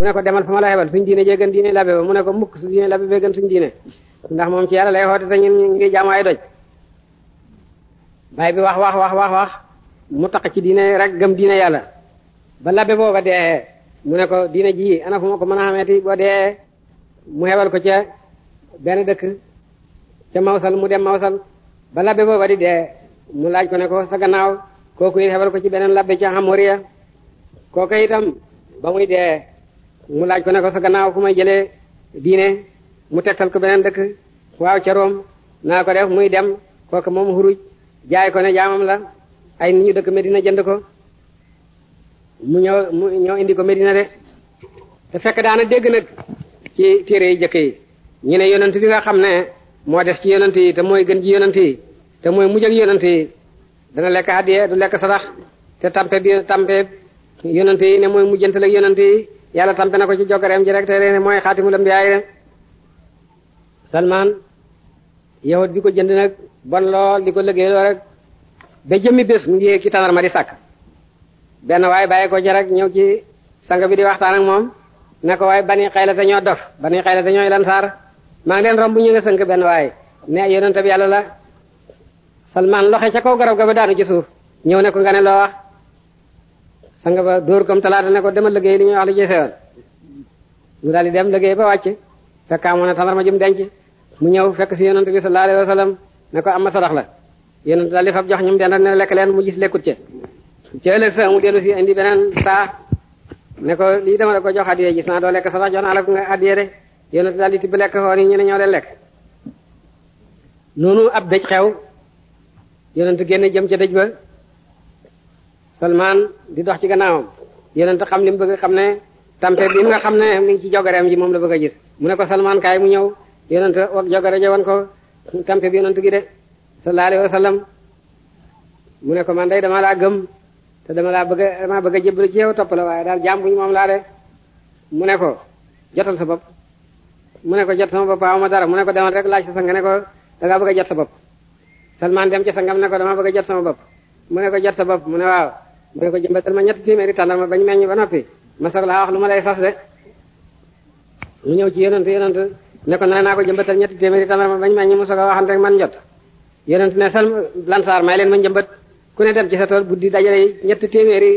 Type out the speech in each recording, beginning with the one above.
mu ne ko demal fa ma la xebal suñ diine jee gën diine labe ba mu ne ko mukk su diine labe bee gën suñ diine ndax moom ci yàlla lay xoote te ñun ñu ngi jaamu ay doj baay bi wax wax wax wax wax mu taq ci diine rek gëm diine yàlla ba labe booba dee mu ne ko diine ji ana fu ma ko mën a xameeti boo dee mu xebal ko ca benn dëkk ca mawsal mu dem mawsal ba labbe booba di dee mu laaj ko ne ko sa gannaaw kooku it xebal ko ci beneen labbe ca xamoriya kooku mu laaj ko ne ko sa gannaaw fu may jëlee diine mu tegtal ko beneen dëkk waaw ca Room naa ko def muy dem kooku moom xuruj jaay ko ne jaamam la ay nit ñu dëkk Medina jënd ko mu ñëw mu ñëw indi ko Medina de te fekk daana dégg nag ci téere yi jëkk yi ñu ne yonent bi nga xam ne moo des ci yonent yi te mooy gën ji yonent yi te mooy mujj ak yonent yi lekk hadiye du te tampe bi tampe yonent yi ne mooy mujjantal ak yonent yi yàlla tampe na ko ci jokkareem ji rek te leen mooy xaatimul ambiyaa yi salman yahut bi ko jënd nag bon loo li ko liggéeyloo rek ba jëmmi bés mu ngi ci tàndarma di sàkk benn waaye bàyyi ko ci rek ñëw ci sang bi di waxtaan ak moom ne ko waaye bani xaylata ñoo dof bani xaylata ñooy lansaar maa ngi leen romb ñu nga sënk benn waaye ne yonent bi yàlla la salman loxe ca kaw garab ga ba daanu ci suuf ñëw ne ko nga ne loo wax sanga ba dóor comme talaata ne ko demal liggéey li ñuy wax li ci sewoon mu daal di dem liggéey ba wàcc fekk amoon na tamar ma jëm denc mu ñëw fekk si yonent bi sallallahu alayhi wa sallam ne ko am la yonent daal di fab jox ñu mu den rek lekk leen mu gis lekkut ca ci ëllëg sa mu si indi beneen saa ne ko lii dama la ko jox addiye gis lekk sarax jox naa nga addiye de yonent daal di tibb lekk xool yi ñu ne leen lekk noonu ab dëj xew yonent génn jëm ca dëj ba Salman di dox ci gannaawam yonent xam li mu bëgg xam ne tampe bi nga xam ne mi ngi ci jogareem ji moom la bëgg a gis mu ne ko Salman kaay mu ñëw yonent wax jogare ja wan ko tampe bi yonent gi de sallallahu alayhi wa sallam mu ne ko day dama laa gëm dama laa bëgg a dama bëgg a ci yow topp la waaye daal jaam bu ñu laa mu ne ko jotal sa bopp mu ne ko jot sama bopp awma dara mu ne ko demal rek laaj sa sang ne ko da ngaa bëgg a jot sa a jot sama bopp mu ne ko jot sa mu ne waaw mu ne ma ñetti téeméeri tàndarma bañ meññ ba noppi ma soog laa wax lu ma lay sas de mu ñëw ci yonent yonent ne ko nee naa ko jëmbatal ñetti téeméeri tàndarma bañ meññ mu soog a waxante man jot yonent ne sal lansaar may leen ma njëmbat ku ne dem ci sa ñetti téeméeri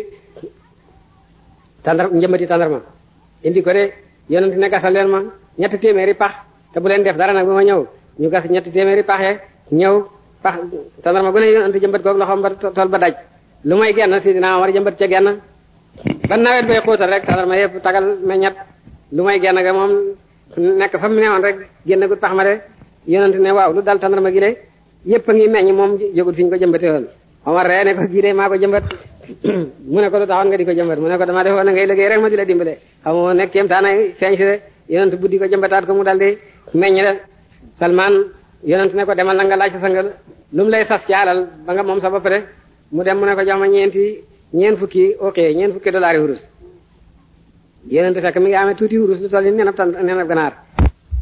tàndar njëmbati tàndarma indi ko de yonent ne gasal leen ma ñetti téeméeri pax te bu leen def dara nag ba ma ñëw ñu gas ñetti téeméeri pax ye ñëw pax tàndarma gu ne yonent jëmbat googu loxoom ba tool ba daj lu mooy genn Sidina Omar jëmbat ca genn ba nawet bay xóotal rek talar ma yëpp tagal meññat lu mooy genn ga moom nekk fa mu newoon rek génn gut tax ma de yonent ne waaw lu dal tandarma gi de yëpp a ngi meññ moom jógut fi ñu ko jëmbatee woon Omar ree ne ko gii de maa ko jëmbat mu ne ko lu taxoon nga di ko jëmbat mu ne ko dama defoon ngay liggéey rek ma di la dimbale xam nga nekk kéem taana feeñ si de yonent buddi ko jëmbataat ko mu dal di meññ de Salman yonent ne ko demal na nga laaj sa sangal lu lay sas ci alal ba nga moom sa bopp de mu dem mu ne ko jox ma ñeenti ñeent fukki ok ñeent fukki dollars yi wurus yéen fekk mi ngi amee tuuti wurus lu toll nii nenab tan nenab ganaar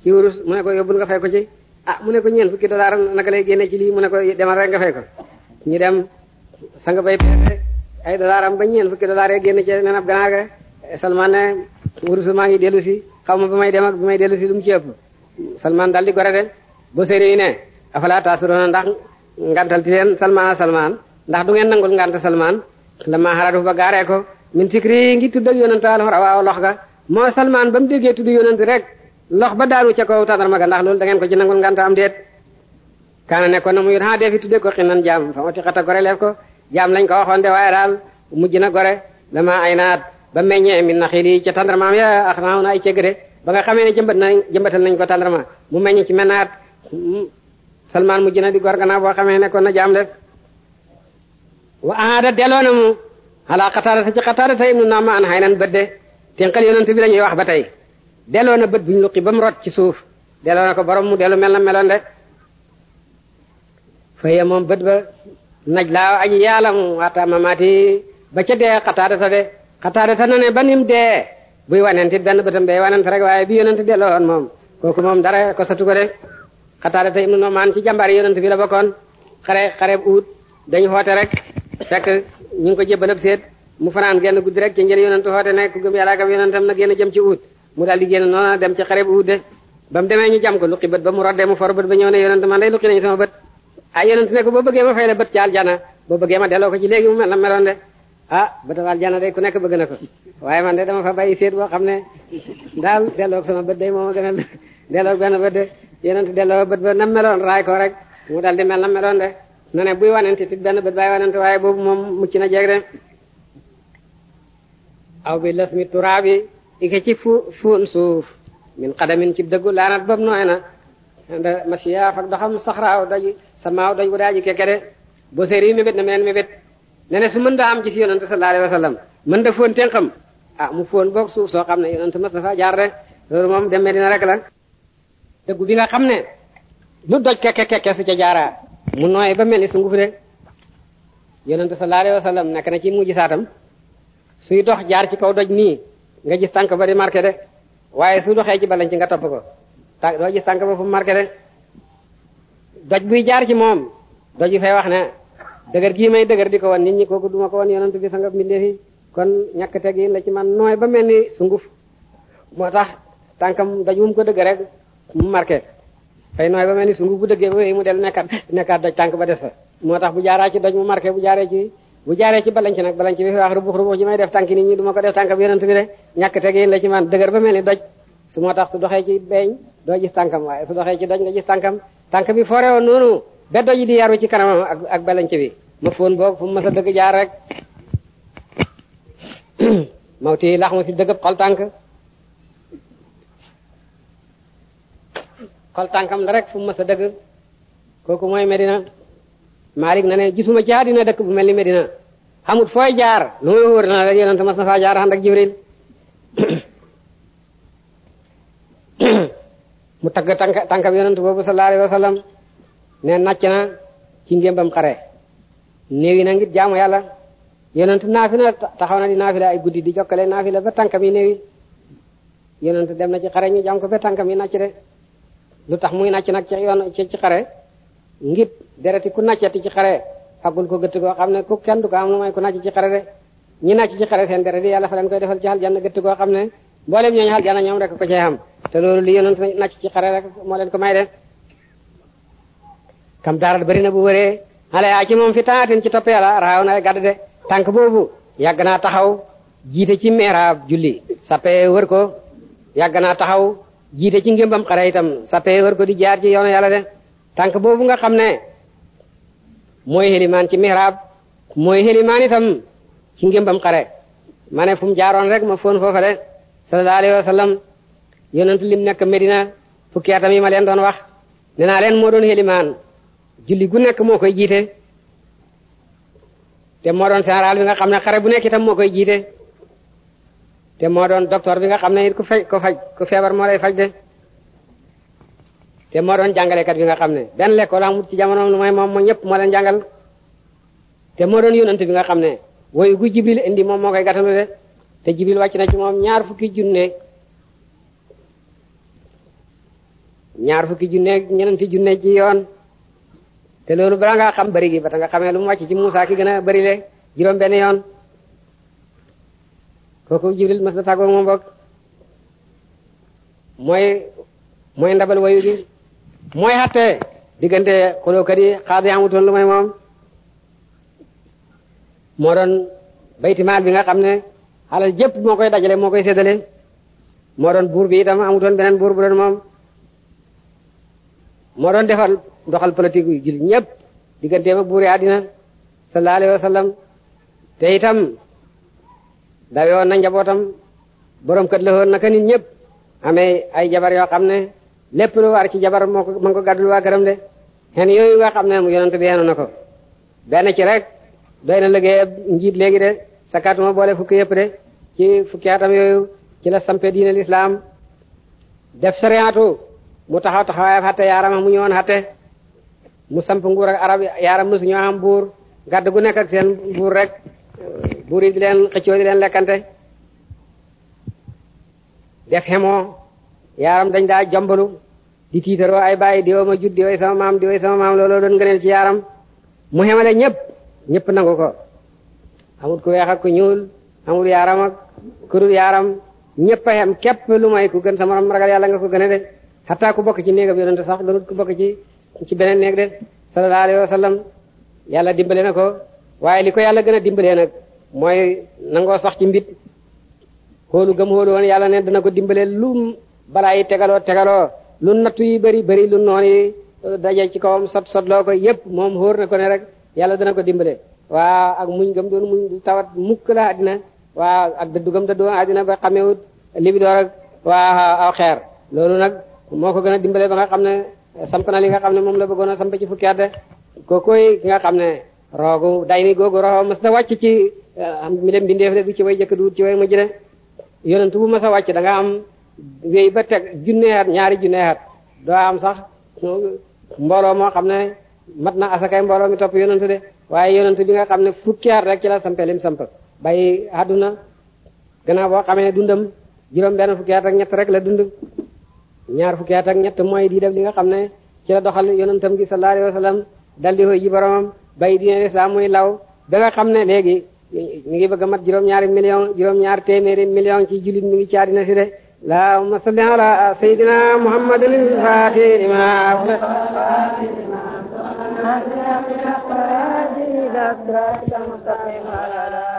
ci wurus mu ne ko nga fay ko ci ah mu ne ko ñeent fukki dollars naka lay génne ci lii mu ne ko demal rek nga fay ko ñu dem sang bay peese ay dollars am ba ñeent fukki dollars yi génne ci nenab ganaar ga Salman ne wurus maa ngi dellu si xaw ma ba may dem ak ba may dellu si lu mu ci ëpp Salman daal di gore de ba sëriñ ne afala taasirona ndax ngantal ti leen Salman Salman ndax du ngeen nangul ngànt salmaan lama xaradu ba gaaree ko min sikri ngi tudd ak yonent waaw lox ga moo salmaan ba mu déggee tudd yonent rek lox ba daanu ca kaw tàndarma ga ndax loolu da ngeen ko ci nangul ngànt am déet kaana nekkoon na mu yur ha dee fi tudde ko xinan jaam fa oti xata gore leef ko jaam lañ ko waxoon na gore lama ay naat na xiili ca tàndarmaam ya ax naaw na ay ba nga xamee ne jëmbat na jëmbatal nañ ko tàndarma mu meññ ci menaat salmaan mujj na di gor gannaaw boo xamee nekkoon na jaam def waa aada delloo na mu ala xataadata ci xataadata ibnu naama xay nan bët de ténqal yonent bi lañuy wax ba tey delloo na bët bu ñu luqi ba mu rot ci suuf delloo na ko borom mu dellu mel na meloon de faye moom bët ba naj laa aji yàlla mu waata mamaati ba ca dee xataadata de xataadata na ne ba nim dee buy wanenti benn bëtam day wanent rek waaye bi yonent delloo woon moom kooku moom dara ko satu ko de xataadata ibnu noomaan ci jàmbaari yonent bi la bokkoon xare dañu xoote rek fekk ñu ko jébbal ab seet mu fanaan genn guddi rek ci ngeen yonentu xoote ne ku gëm yàlla ak yonentam na génn jëm ci uut mu daal di génn noona dem ci xareb uut de ba mu demee ñu jam ko luqi bët ba mu rodde mu for bët ba ñëw ne yonent man day luqi nañu sama bët ah yonent ne ko boo bëggee ma fay la bët ci aljana boo bëggee ma delloo ci léegi mu mel na meloon de ah bëta aljana day ku nekk bëgg na ko waaye man de dama fa bàyyi seet boo xam ne daal delloo sama bët day moom a gënal delloo benn na meloon raay ko rek nu ne buy wanante tit benn bët waaye boobu moom mucc na jeeg de aw bi las mi turaabi ike ci fu fuun suuf min xadamin ci dëggu laanat boobu nooy na nda masiya fak doxam saxraaw doj samaaw doj bu daaji keke de boo séeri mébét na meen mébét ne su mën daa am ci si yonante sallallahu alayhi wa sallam mën da fóon tenqam ah mu fóon boog suuf soo xam ne yonante Mustafa jaar de loolu moom demee dina rek la dëggu bi nga xam ne nu doj keke keke su ca mu nooy ba mel ni sunguf rek yonente sallallahu alayhi wasallam nekk na ci mujjisaatam suy dox jaar ci kaw doj nii nga jis tànk ba di marqué de waaye su doxee ci balañ ci nga topp ko ta doo gis tànk ba fu marqué de doj buy jaar ci moom doj bi wax ne dëgër gii may dëgër di ko won nit ñi kooku duma ko won yonent bi sanga mbindeef kon ñàkk teg yi la ci man nooy ba mel ni sunguf moo tax tànkam daj wum ko dëgg rek mu marqué day nooy ba mel ni sungu bu dëggee ba wéy mu del nekkaat nekkaat doj tànk ba des fa moo tax bu jaaraa ci doj mu marqué bu jaaree ci bu nag balanci bi fi wax rubux ji may def tànk nit ñi du ko def tànk bi yonent bi de ñàkk teg yéen la ci man dëgër ba mel ni doj su moo tax su doxee ci beeñ doo gis tànkam waaye su doxee ci doj nga gis tànkam tànk bi foore woon noonu be doj di yaru ci kanamam ak ak bi ma foon boog fu mu mës dëgg jaar rek mawti lax mu si dëgëb xol tànk xol tànkam la rek fu mu mës a dëgg kooku mooy Medina Malik na ne gisuma ci àddina dëkk bu mel ni Medina xamut fooy jaar lu muy wóor na la yonent mas na faa jaar ànd ak Jibril mu tagg tànkam yonent boobu sallallahu alayhi wa ne nàcc na ci ngémbam xare néewi na ngir jaamu yàlla yonent naafila taxaw na di naafila ay guddi di jokkale naafila ba tànkam yi néewi yonent dem na ci xare ñu jaam ko ba tànkam yi nàcc lu tax muy nàcc nag ci yoon ci xare ngir dereti ku nàccati ci xare fagul ko gëtt ko xam ne ku kenn du am lu may ku nàcc ci xare de ñi nàcc ci xare seen dereti yàlla fa leen koy defal ci aljanna gëtt goo xam ne mboolem ñooñu aljanna ñoom rek ko cay am te loolu li yonent nàcc ci xare rek moo ko may de kam daaral bari na bu wëree xale yaa ci moom fi taatin ci topp yàlla raaw na gàdd de tànk boobu yàgg naa taxaw jiite ci meeraab julli sappe wër ko yàgg naa taxaw jiite ci ngémbam xare itam sappee war ko di jaar ci yoonu yàlla de tànk boobu nga xam ne mooy xelimaan ci mihraab mooy xelimaan itam ci ngémbam xare ma ne fu mu jaaroon rek ma foon foofa de sallallahu alayhi wa sallam yonent lim nekk Medina fukki atam yi ma leen doon wax nee naa leen moo doon xelimaan julli gu nekk moo koy jiite te moo doon général bi nga xam ne xare bu nekk itam moo koy jiite te moo doon docteur bi nga xam ne it ku faj ku faj feebar moo lay faj de te moo doon jàngalekat bi nga xam ne benn lekkool amut ci jamono lu may moom moo ñëpp moo leen jàngal te moo doon yonent bi nga xam ne woyu gu jibril indi moom moo koy gàttalu de te jibril wàcc na ci moom ñaar fukki junne ñaar fukki junne ñeneenti junne ci yoon te loolu balaa ngaa xam bari gi ba ta nga xamee lu mu wàcc ci Muusaa ki gën bari le juróom benn yoon kooku jibril mas na tàggoo moom boog mooy mooy ndabal wayu bi mooy xatte diggante xulookat yi xaadi amutoon lu may moom moo doon baytimaal bi nga xam ne alal jëpp moo koy le moo koy séddale moo doon buur bi itam amutoon beneen buur bu doon moom moo doon defal doxal politique yu ñëpp digganteem ak buur yi àddina sallallahu alayhi te itam dayoon na njabootam borom kër la woon naka nit ñëpp amee ay jabar yoo xam ne lépp lu war ci jabar moo ko mën gàddul waa këram de xen yooyu nga xam ne mu yonent bi xenu na ko ci rek doy na liggéey njiit léegi de sakatuma boole fukki yëpp de ci fukki atam yooyu ci la sampe diine lislaam def sariyaatu mu taxaw taxawaayam xatte yaaram mu ñëwoon xatte mu samp nguur ak arab yaaram mësuñoo am buur gàdd gu nekk ak seen buur rek buur yi di leen xëccoo di leen lekkante def xemoo yaaram dañ daa jombalu di tiitaroo ay bàyyi di woo ma jud di woy sama maam di woy sama maam looloo doon ngëneel ci yaaram mu xemale ñëpp ñëpp nangu ko amul ku weex ak ku ñuul amul yaaram ak ku dul yaaram ñëpp a képp lu may ku gën sama ragal yàlla nga ko gën de xataa ku bokk ci néegam yonente sax doonut ku bokk ci ci beneen néeg de sallallahu alayhi yàlla dimbale na ko waaye li ko yàlla gën a dimbalee mooy nangoo sax ci mbit xoolu gëm xoolu woon yàlla ne dana ko dimbale lu balaa yi tegaloo tegaloo lu nattu yi bëri bëri lu noon yi euh, daje ci kawam sot sotloo ko yépp moom xóor na ko ne rek yàlla dana ko dimbale waaw ak muñ gëm doon muñ tawat mukk la àddina waaw ak dëddu gëm dëddu àddina ba xamewut li bi door aw xeer loolu nag moo ko gën a dimbale ba nga xam ne samp na li nga xam ne moom la bëggoon a samp ci fukki at de kookoy ki nga ne roogu day ni googu Ah, am mi dem mbindeef de du ci way jëkk du ci way mujj de yonent bu mas a wàcc da am wéy ba teg junneexat ñaari junneexat doo am sax mbooloo moo xam ne mat na asakay mbooloo mi topp yonent de waaye yonent bi nga xam ne fukki at rek ci la sampe lim samp bàyyi àdduna gannaaw boo xamee dundam juróom benn fukki at ak ñett rek la dund ñaar fukki at ak ñett mooy di def li nga xam ne ci la doxal yonentam gi sa alayhi wasallam dal di hoy ji boromam bay law ba nga xam ne léegi mi ngi bëgg a juróom-ñaari million juróom-ñaari téeméeri million ci jullit mi ngi ci si de allahumma salli ala sayyidina muhammadin al-fatih lima ughliqa